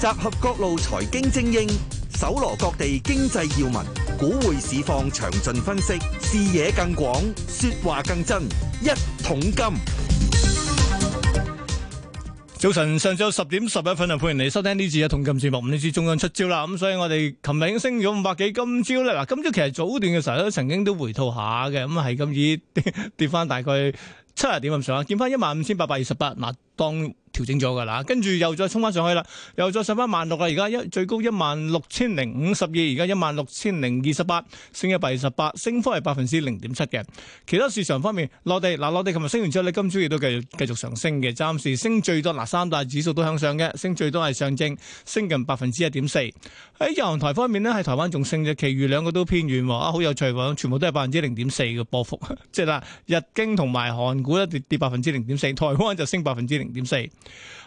集合各路財經精英，搜羅各地經濟要聞，股匯市況詳盡分析，視野更廣，說話更真。一桶金。早晨，上晝十點十一分啊！歡迎你收聽呢次嘅《一桶金節目》。呢次中央出招啦，咁所以我哋琴日已經升咗五百幾。今朝咧，嗱，今朝其實早段嘅時候都曾經都回吐下嘅，咁係咁以跌跌翻大概七十點咁上下，見翻一萬五千八百二十八。嗱，當調整咗噶啦，跟住又再衝返上去啦，又再上返萬六啦。而家一最高一萬六千零五十二，而家一萬六千零二十八，升一百二十八，升幅係百分之零點七嘅。其他市場方面，內地嗱，內地琴日升完之後咧，今朝亦都繼續，繼續上升嘅，暫時升最多嗱，三大指數都向上嘅，升最多係上證，升近百分之一點四。喺日韓台方面呢，喺台灣仲升嘅，其餘兩個都偏軟喎。啊，好有趣喎，全部都係百分之零點四嘅波幅，即係啦，日經同埋韓股咧跌跌百分之零點四，台灣就升百分之零點四。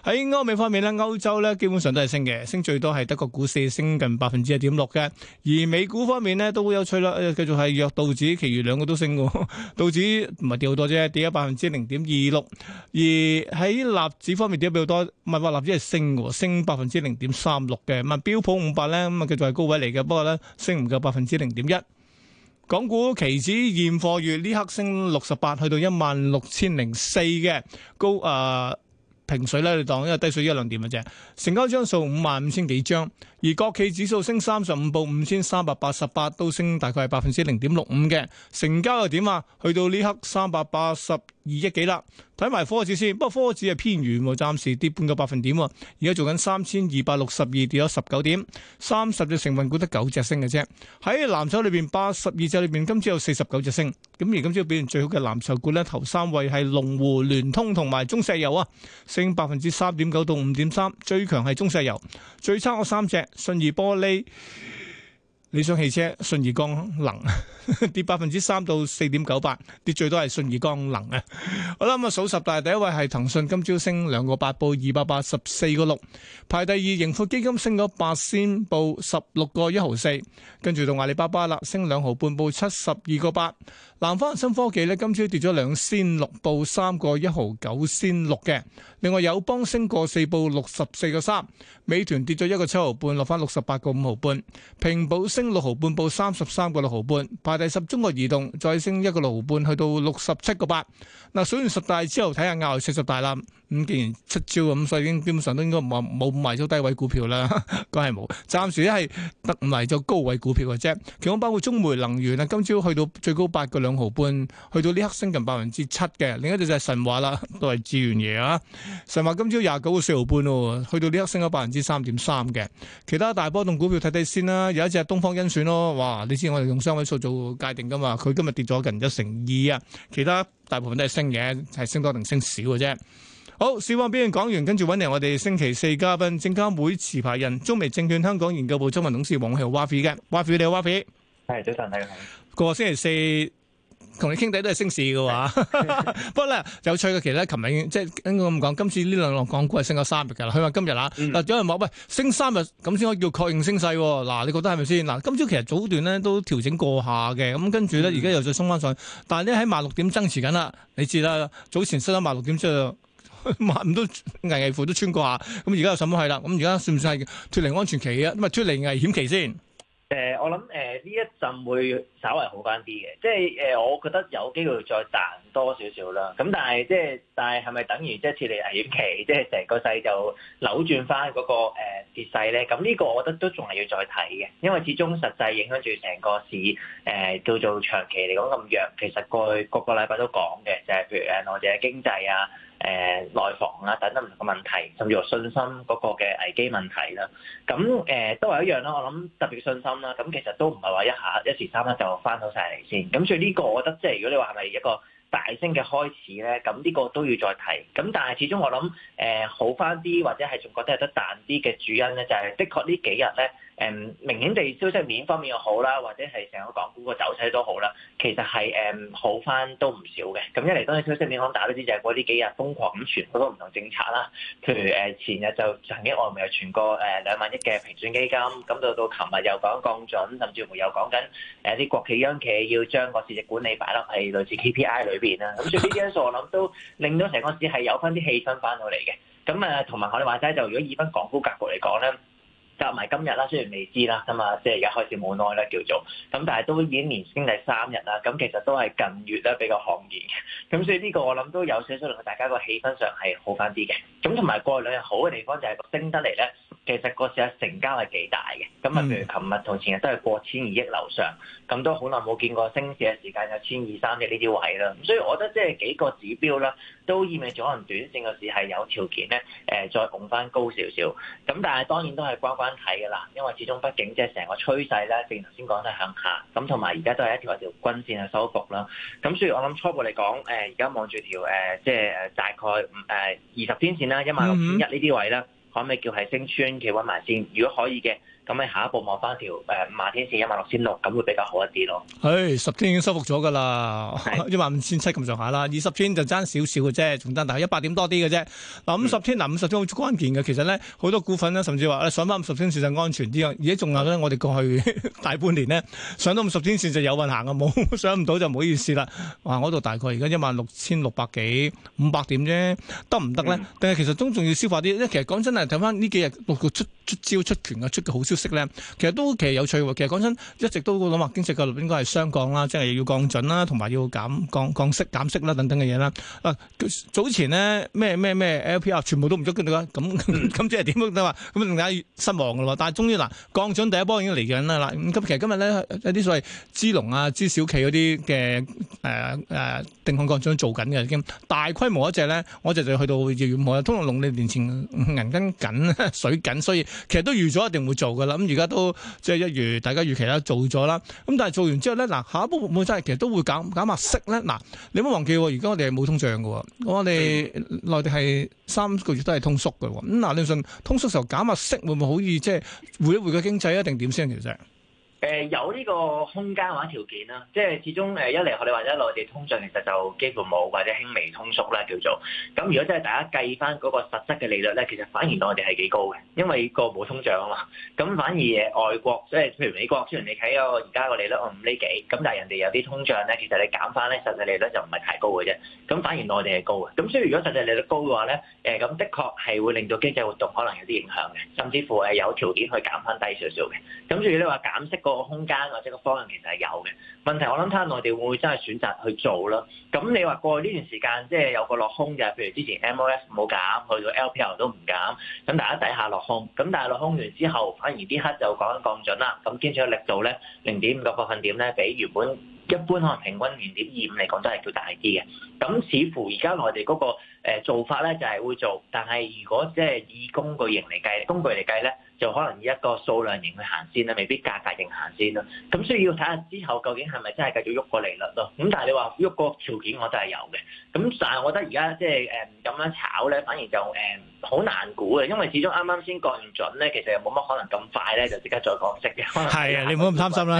喺歐美方面咧，歐洲咧基本上都係升嘅，升最多係德國股市升近百分之一點六嘅。而美股方面咧都好有趣啦，繼續係弱道指，其餘兩個都升嘅，道指唔係跌好多啫，跌咗百分之零點二六。而喺納指方面跌得比較多，唔係話納指係升升百分之零點三六嘅。咁啊標普五百咧，咁啊繼續係高位嚟嘅，不過咧升唔夠百分之零點一。港股期指現貨月呢刻升六十八，去到一萬六千零四嘅高誒。平水咧，你當一個低水一兩點嘅啫，成交張數五萬五千幾張。而國企指數升三十五，報五千三百八十八，都升大概係百分之零點六五嘅。成交又點啊？去到呢刻三百八十二億幾啦。睇埋科指先，不過科指係偏軟喎，暫時跌半個百分點喎。而家做緊三千二百六十二，跌咗十九點。三十隻成分股得九隻升嘅啫。喺藍籌裏邊，八十二隻裏邊，今朝有四十九隻升。咁而今朝表現最好嘅藍籌股呢，頭三位係龍湖聯通同埋中石油啊，升百分之三點九到五點三。最強係中石油，最差嗰三隻。信譽玻璃，理想汽車、信義光能 跌百分之三到四點九八，跌最多係信義光能啊！好啦，咁、嗯、數十大，第一位係騰訊，今朝升兩個八，報二百八十四個六。排第二，盈富基金升咗八仙，報十六個一毫四。跟住到阿里巴巴啦，升兩毫半，報七十二個八。南方新科技呢，今朝跌咗兩仙六，報三個一毫九仙六嘅。另外友邦升過四，報六十四個三。美團跌咗一個七毫半，落翻六十八個五毫半。平保升。升六毫半，報三十三個六毫半，排第十。中國移動再升一個六毫半，去到六十七個八。嗱，數完十大之後，睇下亞四十大啦。咁、嗯、既然七招咁，所以已經基本上都應該冇冇賣咗低位股票啦，都係冇。暫時係得賣咗高位股票嘅啫。其中包括中煤能源啦，今朝去到最高八個兩毫半，去到呢刻升近百分之七嘅。另一隻就係神華啦，都係資源嘢啊。神華今朝廿九個四毫半咯，去到呢刻升咗百分之三點三嘅。其他大波動股票睇睇先啦，有一隻東方。因算咯，哇！你知我哋用雙位數做界定噶嘛？佢今日跌咗近一成二啊，其他大部分都係升嘅，係升多定升少嘅啫。好，小王邊樣講完，跟住揾嚟我哋星期四嘉賓，證監會持牌人中美證券香港研究部中文董事黃偉豪 Yaffe 嘅，Yaffe 你好，Yaffe 係早晨，係個星期四。同你傾偈都係升市嘅話， 不過咧有趣嘅，其實咧，琴日即係應該咁講，今次呢兩浪港股係升咗三日㗎啦。佢話今日啦嗱有人話喂，升三日咁先可以叫確認升勢，啊。嗱、啊，你覺得係咪先？嗱、啊，今朝其實早段咧都調整過下嘅，咁跟住咧而家又再鬆返上去，但係呢，喺萬六點爭持緊啦。你知啦，早前失咗萬六點之後，萬 唔都危危乎都穿過下，咁而家又上返去啦？咁而家算唔算係脫離安全期啊？咁啊，脫離危險期先。誒，我諗誒呢一陣會稍為好翻啲嘅，即係誒，我覺得有機會再彈多少少啦。咁但係即係，但係係咪等於即係脫離危險期，即係成個世就扭轉翻、那、嗰個、呃、跌勢咧？咁呢個我覺得都仲係要再睇嘅，因為始終實際影響住成個市誒、呃、叫做長期嚟講咁弱。其實過去個個禮拜都講嘅，就係、是、譬如誒我哋嘅經濟啊。誒、呃、內房啊等等唔同嘅問題，甚至信心嗰個嘅危機問題啦，咁誒、呃、都係一樣啦。我諗特別信心啦，咁其實都唔係話一下一時三刻就翻到晒嚟先。咁所以呢個我覺得，即係如果你話係咪一個大升嘅開始咧？咁呢個都要再提。咁但係始終我諗誒、呃、好翻啲，或者係仲覺得有得彈啲嘅主因咧，就係、是、的確呢幾日咧。誒、明顯地消息面方面又好啦，或者係成個港股個走勢都好啦，其實係誒、嗯、好翻都唔少嘅。咁一嚟當然消息面可能打多啲，就係嗰啲幾日瘋狂咁傳好多唔同政策啦。譬如前日就曾經外面又傳過兩萬、呃、億嘅平準基金，咁到到琴日又講降準，甚至乎又講緊誒啲國企央企要將個市值管理擺落去類似 KPI 裏面啦。咁所以呢啲因素我諗都令到成個市係有翻啲氣氛翻到嚟嘅。咁啊，同埋我哋話齋就如果以翻港股格局嚟講咧。夾埋今日啦，雖然未知啦，咁啊，即係又開始冇耐咧叫做，咁但係都已經連升第三日啦，咁其實都係近月咧比較罕見嘅，咁所以呢個我諗都有少少令到大家個氣氛上係好翻啲嘅，咁同埋過去兩日好嘅地方就係個升得嚟咧，其實個市嘅成交係幾大嘅，咁啊，譬如琴日同前日都係過千二億樓上，咁都好耐冇見過升市嘅時間有千二三億呢啲位啦，所以我覺得即係幾個指標啦，都意味咗可能短線個市係有條件咧，誒，再拱翻高少少，咁但係當然都係關關。睇噶啦，因為始終畢竟即係成個趨勢咧，正如頭先講得向下咁，同埋而家都係一條條均線去收復啦。咁所以我諗初步嚟講，誒而家望住條誒即係大概誒二十天線啦，一萬六五日呢啲位啦，可唔可以叫係升穿企穩埋先？如果可以嘅。咁喺下一步望翻條誒五十天線一萬六千六，咁會比較好一啲咯。誒、哎、十天已經收復咗㗎啦，的 一萬五千七咁上下啦。二十天就爭少少嘅啫，仲爭，大概一百點多啲嘅啫。嗱的五十天，嗱五十天好關鍵嘅，其實咧好多股份咧，甚至話上翻五十天線就安全啲啊。而家仲有咧，我哋過去大半年呢，上到五十天線就有運行啊。冇上唔到就唔好意思啦。嗯、哇！嗰度大概而家一萬六千六百幾五百點啫，得唔得呢？定係、嗯、其實都仲要消化啲，其實講真係睇翻呢幾日陸陸出出招出拳啊，出嘅好消息。息咧，其實都其實有趣喎。其實講真，一直都諗話經濟嘅路應該係雙降啦，即係要降準啦，同埋要減降降息減息啦等等嘅嘢啦。啊，早前呢，咩咩咩 LPR 全部都唔足嘅啦，咁咁即係點都話咁，更加失望嘅咯。但係終於嗱降準第一波已經嚟緊啦啦。咁其實今日呢，一啲所謂支農啊、支小企嗰啲嘅誒誒定向降準做緊嘅，已經大規模一隻呢，我就就去到業務，通常農曆年前銀根緊水緊，所以其實都預咗一定會做。咁而家都即係一如大家預期啦，做咗啦。咁但係做完之後咧，嗱下一步會唔會真係其實都會減減壓息咧？嗱，你唔好忘記，而家我哋係冇通脹喎。我哋內地係三個月都係通縮喎。咁嗱，你相信通縮時候減壓息會唔會好易即係回一回個經濟一定點先其實？誒有呢個空間或者條件啦，即係始終誒，一嚟學你話齋，內地通脹其實就幾乎冇或者輕微通縮啦叫做。咁如果真係大家計翻嗰個實質嘅利率咧，其實反而內地係幾高嘅，因為個冇通脹啊嘛。咁反而外國即係譬如美國，雖然你睇嗰個而家個利率我五厘幾，咁但係人哋有啲通脹咧，其實你減翻咧，實際利率就唔係太高嘅啫。咁反而內地係高嘅。咁所以如果實際利率高嘅話咧，誒咁的確係會令到經濟活動可能有啲影響嘅，甚至乎誒有條件去減翻低少少嘅。咁所以你話減息個空間或者個方向其實係有嘅，問題我諗睇下內地會唔會真係選擇去做啦？咁你話過去呢段時間即係有個落空嘅，譬如之前 M O S 冇減，去到 L P R 都唔減，咁大家底下落空，咁但係落空完之後，反而啲黑就講緊降準啦，咁堅強力度咧零點五個百分點咧，比原本一般可能平均零點二五嚟講都係叫大啲嘅，咁似乎而家內地嗰個。誒做法咧就係會做，但係如果即係以工具型嚟計，工具嚟計咧就可能以一個數量型去行先啦，未必價格型行先啦。咁所以要睇下之後究竟係咪真係繼續喐個利率咯？咁但係你話喐個條件我，我都係有嘅。咁但係我覺得而家即係咁樣炒咧，反而就誒好、嗯、難估嘅，因為始終啱啱先降完準咧，其實又冇乜可能咁快咧就即刻再降息嘅。可能係啊，你唔好咁擔心啦，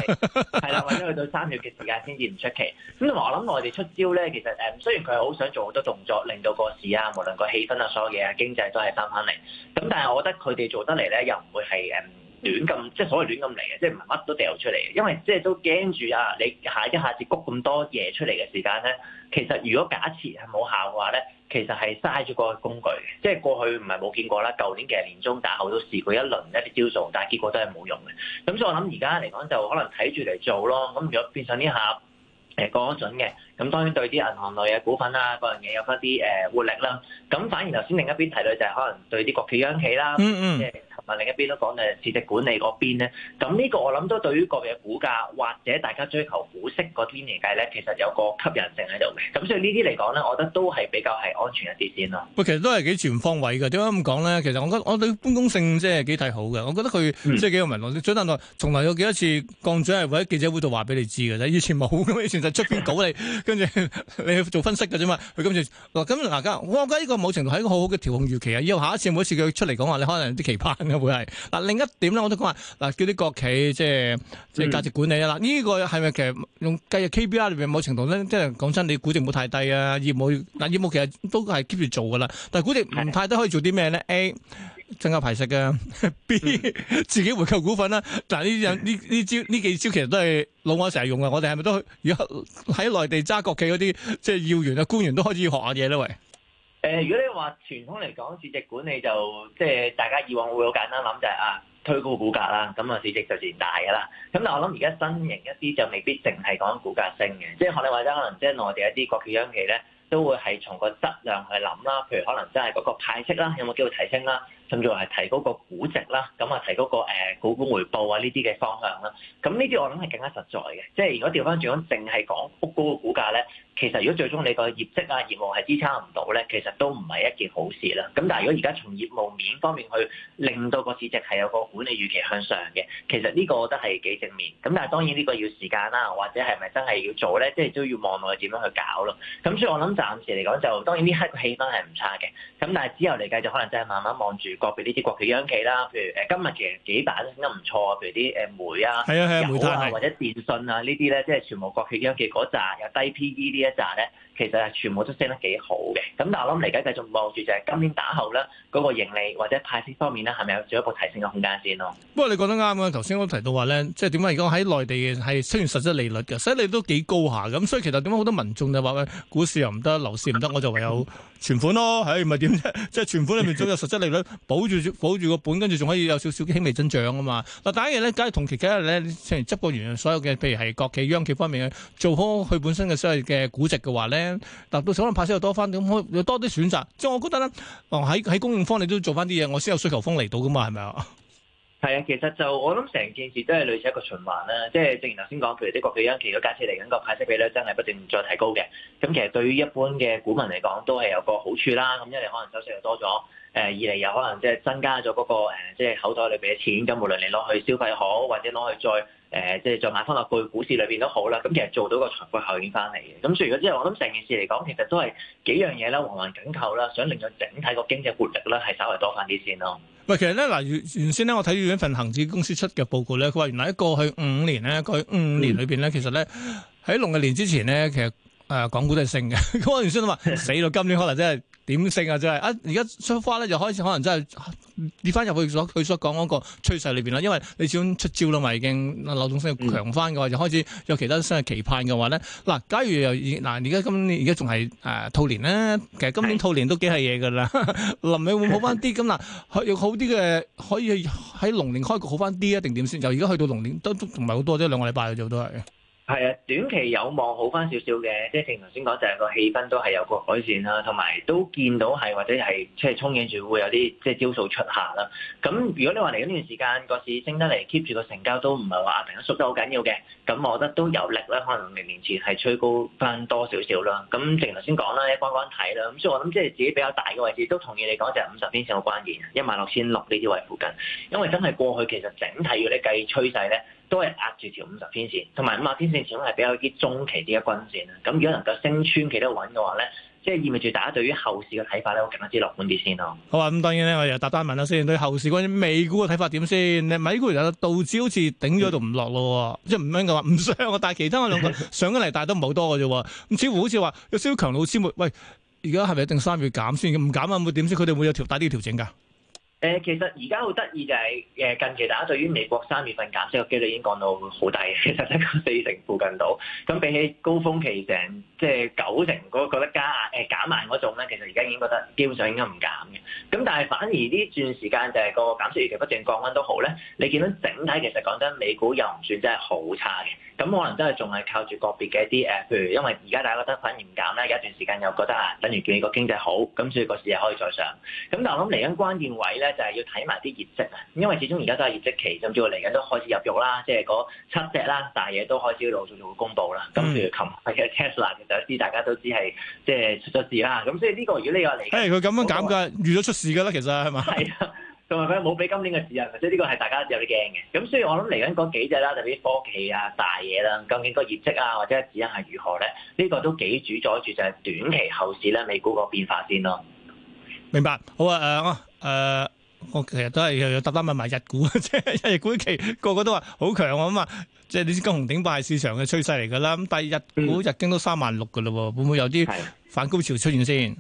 係啦，或者去到三月嘅時間先至唔出奇。咁同埋我諗內地出招咧，其實雖然佢好想做好多動作，令到個事啊，無論個氣氛啊，所有嘢啊，經濟都係翻返嚟。咁但係我覺得佢哋做得嚟咧，又唔會係誒亂咁，即係所謂亂咁嚟嘅，即係唔係乜都掉出嚟嘅。因為即係都驚住啊，你下一下子谷咁多嘢出嚟嘅時間咧，其實如果假設係冇效嘅話咧，其實係嘥咗個工具。即係過去唔係冇見過啦，舊年嘅年中打後都試過一輪一啲招數，但係結果都係冇用嘅。咁所以我諗而家嚟講就可能睇住嚟做咯。咁如果變相呢下。誒降準嘅，咁、嗯嗯、當然對啲銀行類嘅股份啦，各樣嘢有翻啲活力啦。咁反而頭先另一邊提到就係可能對啲國企央企啦，即係同埋另一邊都講係市值管理嗰邊咧。咁呢個我諗都對於個別股價或者大家追求股息嗰邊嚟計咧，其實有個吸引性喺度嘅。咁所以呢啲嚟講咧，我覺得都係比較係安全一啲先啦喂，其實都係幾全方位嘅。點解咁講咧？其實我我對潘功勝即係幾睇好嘅。我覺得佢即係幾有民望。最難耐從來有幾多次降準係會喺記者會度話俾你知嘅啫。以前冇出邊 稿你，跟住你去做分析㗎啫嘛。佢跟住，嗱咁嗱家，我覺得呢個某程度係一個好好嘅調控預期啊。以後下一次每一次佢出嚟講話，你可能有啲期盼嘅會係嗱另一點咧，我都講話嗱叫啲國企即係即係價值管理啦。呢、呢個係咪其實用計 KPI 裏面某程度咧？即係講真，你估值唔好太低啊，業務嗱業務其實都係 keep 住做噶啦。但係估值唔太低可以做啲咩咧？A 增加排息嘅，B, 嗯、自己回購股份啦、啊。嗱，呢啲呢呢招呢幾招其實都係老外成日用嘅。我哋係咪都喺內地揸國企嗰啲，即係要員啊官員都開始學下嘢咧？喂，誒，如果你話傳統嚟講，市值管理就即係大家以往會好簡單諗就係、是、啊，推高股價啦，咁啊，市值就自然大嘅啦。咁但係我諗而家新型一啲就未必淨係講股價升嘅，即係學你話齋，可能即係內地一啲國際企央企咧，都會係從個質量去諗啦。譬如可能真係嗰個派息啦，有冇機會提升啦？甚至係提高個估值啦，咁啊，提高個股本回報啊呢啲嘅方向啦，咁呢啲我諗係更加實在嘅。即係如果調翻轉講，淨係講谷高個股價咧，其實如果最終你個業績啊業務係支撐唔到咧，其實都唔係一件好事啦。咁但係如果而家從業務面方面去令到個市值係有個管理預期向上嘅，其實呢個我覺得係幾正面。咁但係當然呢個要時間啦，或者係咪真係要做咧？即係都要望落去點樣去搞咯。咁所以我諗暫時嚟講就當然呢刻氣氛係唔差嘅。咁但係之後嚟計就可能真係慢慢望住。個別呢啲國企央企啦，譬如誒今日其實幾板都升得唔錯，啊，譬如啲誒煤啊、啊煤油啊或者電信啊呢啲咧，即係、就是、全部國企央企嗰扎，又低 P E 呢一扎咧。其實係全部都升得幾好嘅，咁但係我諗嚟緊繼續望住就係今年打後咧嗰個盈利或者派息方面咧，係咪有進一步提升嘅空間先咯？不過你覺得啱啊！頭先我提到話咧，即係點解而家喺內地嘅係雖然實質利率嘅，實質利率都幾高下，咁所以其實點解好多民眾就話咧，股市又唔得，樓市唔得，我就唯有存款咯。唉，係咪點啫？即係存款裡面最有實質利率， 保住保住個本，跟住仲可以有少少輕微增長啊嘛。嗱，第一樣咧，梗係同期梗係咧，雖然執過完所有嘅，譬如係國企、央企方面嘅做好佢本身嘅所謂嘅估值嘅話咧。嗱，到時可能派息又多翻，咁可以又多啲選擇。即係我覺得咧，喺、哦、喺供應方你都做翻啲嘢，我先有需求方嚟到噶嘛，係咪啊？係啊，其實就我諗成件事都係類似一個循環啦。即、就、係、是、正如頭先講，譬如啲國企央企個價差嚟緊個派息比率真係不斷再提高嘅。咁其實對於一般嘅股民嚟講，都係有個好處啦。咁一嚟可能收息又多咗，誒二嚟又可能即係增加咗嗰、那個即係、就是、口袋裏面嘅錢。咁無論你攞去消費好，或者攞去再。誒，即係再買翻落去股市裏邊都好啦。咁其實做到個財富效應翻嚟嘅。咁所以如果之後，我諗成件事嚟講，其實都係幾樣嘢啦，環環緊扣啦，想令到整體個經濟活力咧係稍微多翻啲先咯。喂，其實咧嗱，原原先咧，我睇住一份恆指公司出嘅報告咧，佢話原來喺過去五年咧，佢五年裏邊咧，其實咧喺農曆年之前咧，其實誒港股都係升嘅。咁原先話死到今年可能真係。點性啊！真係一而家出花咧，就開始可能真係跌翻入去所佢所講嗰個趨勢裏邊啦。因為你始終出招啦嘛，已經流動性強翻嘅話，就開始有其他新嘅期盼嘅話咧。嗱、啊，假如又嗱而家今年，而家仲係誒兔年咧，其實今年兔年都幾係嘢㗎啦。的 臨尾會唔會好翻啲咁嗱，有 好啲嘅可以喺龍年開局好翻啲啊，定點先？就而家去到龍年都都唔係好多啫，兩個禮拜做都係。係啊，短期有望好翻少少嘅，即係正如頭先講，就係個氣氛都係有個改善啦，同埋都見到係或者係即係憧憬住會有啲即係招數出下啦。咁如果你話嚟緊呢段時間個市升得嚟，keep 住個成交都唔係話突然間縮得好緊要嘅，咁我覺得都有力啦，可能明年前係吹高翻多少少啦。咁正如頭先講啦，一關關睇啦。咁所以我諗即係自己比較大嘅位置都同意你講，就係五十天線好關鍵，一萬六千六呢啲位附近，因為真係過去其實整體嗰啲計趨勢咧。都係壓住條五十天線，同埋五十天線始終係比較啲中期啲嘅均線啦。咁如果能夠升穿其他穩嘅話咧，即係意味住大家對於後市嘅睇法咧，會更加之樂觀啲先咯。好啊，咁當然咧，我又答單問下先。對後市關於美股嘅睇法點先？你咪股又道指好似頂咗度唔落咯，即係唔奀嘅話唔需啊，但係其他嘅兩個上緊嚟，但都唔好多嘅啫。咁似乎好似話有少少強老師會喂，而家係咪一定三月減先？唔減啊，會點先？佢哋會有調大啲調整㗎？誒，其實而家好得意就係，誒近期大家對於美國三月份減息嘅機率已經降到好低，其實得個四成附近度。咁比起高峰期整、就是、成即係九成嗰個加壓誒、呃、減慢嗰種咧，其實而家已經覺得基本上已經唔減嘅。咁但係反而呢段時間就係個減息期不正降溫都好咧。你見到整體其實講真，美股又唔算真係好差嘅。咁可能都係仲係靠住個別嘅一啲誒，譬如因為而家大家覺得反而唔減咧，有一段時間又覺得啊，等住見個經濟好，咁所以個市又可以再上。咁但係我諗嚟緊關鍵位咧。就係要睇埋啲業績啊，因為始終而家都係業績期，甚至乎嚟緊都開始入肉啦。即係嗰七隻啦，大嘢都開始陸陸續續公布啦。咁譬如琴日嘅 Tesla 就知大家都知係即係出咗事啦。咁所以呢、呢個如果呢個嚟，誒佢咁樣減價，預咗出事㗎啦，其實係嘛？係啊，同埋佢冇畀今年嘅指引，所以呢個係大家都有啲驚嘅。咁所以我諗嚟緊嗰幾隻啦，特別啲科技啊、大嘢啦，究竟個業績啊或者指引係如何咧？呢、呢個都幾主宰住就係、是、短期後市咧，美股個變化先咯。明白，好啊，誒、呃。呃我其實都係又又揀揀問埋日股啊，即係日股期個個都話好強啊嘛，即係你知跟紅頂白係市場嘅趨勢嚟噶啦。咁但係日股日經都三萬六噶啦，會唔會有啲反高潮出現先？的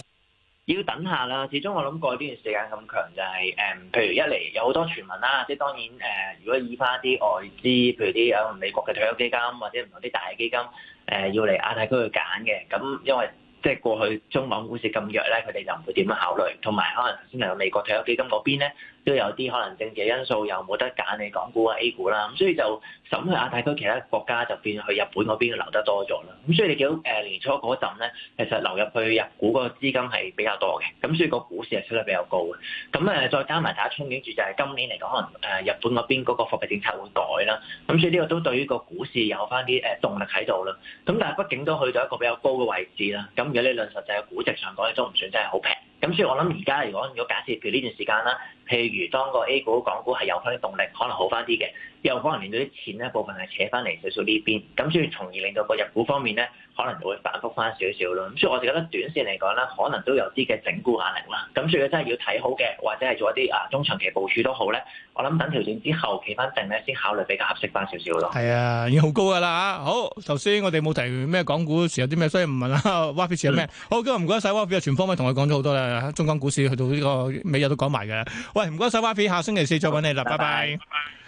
要等下啦。始終我諗過呢段時間咁強就係、是、誒、嗯，譬如一嚟有好多傳聞啦，即係當然誒、呃，如果以翻啲外資，譬如啲有美國嘅退休基金或者唔同啲大嘅基金誒、呃，要嚟亞太區去揀嘅，咁因為。即係過去中港股市咁弱咧，佢哋就唔會點樣考慮。同埋可能先嚟到美國退休基金嗰邊咧，都有啲可能政治因素又冇得揀，你港股啊 A 股啦。咁所以就審去亞太區，其他國家就變去日本嗰邊流得多咗啦。咁所以你見到誒年初嗰陣咧，其實流入去日股嗰個資金係比較多嘅，咁所以個股市係出得比較高嘅。咁誒再加埋大家憧憬住就係今年嚟講，可能誒日本嗰邊嗰個貨幣政策會改啦。咁所以呢個都對於個股市有翻啲誒動力喺度啦。咁但係畢竟都去到一個比較高嘅位置啦。咁嘅呢兩實際嘅估值上講咧，都唔算真係好平。咁所以我諗而家如果如果假設譬如呢段時間啦。譬如當個 A 股、港股係有翻啲動力，可能好翻啲嘅，又可能連到啲錢咧部分係扯翻嚟少少呢邊，咁所以從而令到個入股方面咧，可能就會反覆翻少少咯。咁所以我哋覺得短線嚟講咧，可能都有啲嘅整固壓力啦。咁所以真係要睇好嘅，或者係做一啲啊中長期部署都好咧。我諗等條線之後企翻正咧，先考慮比較合適翻少少咯。係啊，已經好高噶啦嚇。好，頭先我哋冇提咩港股時有啲咩，所以唔問啦。w a l 有咩？好，嗯。好，今日唔該晒。w a l 全方位同佢講咗好多啦。中港股市去到呢個尾日都講埋嘅。唔該晒，花菲，下星期四再揾你啦，拜拜。拜拜。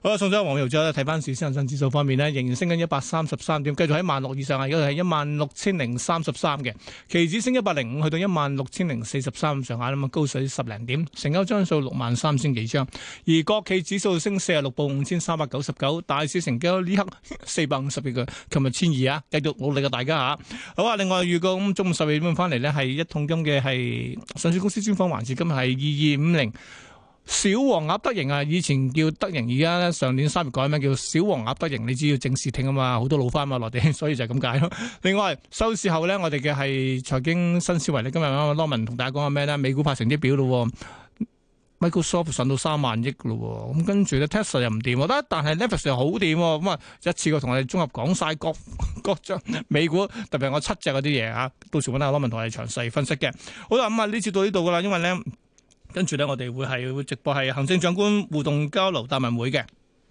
好啦，送上黃偉豪啦，睇翻市恒生指數方面呢，仍然升緊一百三十三點，繼續喺萬六以上啊，而家係一萬六千零三十三嘅，期指升一百零五，去到一萬六千零四十三上下啦嘛，高水十零點，成交張數六萬三千幾張，而國企指數升四十六，報五千三百九十九，大市成交呢刻四百五十二個，琴日千二啊，繼續努力啊大家嚇，好啊，另外預告咁中午十二點翻嚟呢，係一桶金嘅係上市公司專訪環節，今日係二二五零。小黃鴨德盈啊，以前叫德盈，而家咧，上年三月改名叫小黃鴨德盈？你知要正視聽啊嘛，好多老翻嘛，內地，所以就咁解咯。另外收市後咧，我哋嘅係財經新思維，你今日啊 Lawman 同大家講下咩咧？美股派成績表咯，哦，Microsoft 上到三萬億咯，哦，咁跟住咧 Tesla 又唔掂，得但係 Netflix 又好掂，啊，咁啊一次過同我哋綜合講晒各各隻美股，特別係我七隻嗰啲嘢啊，到時揾下 Lawman 同我哋詳細分析嘅。好啦，咁啊呢次到呢度噶啦，因為咧。跟住咧，我哋會係會直播係行政長官互動交流答問會嘅。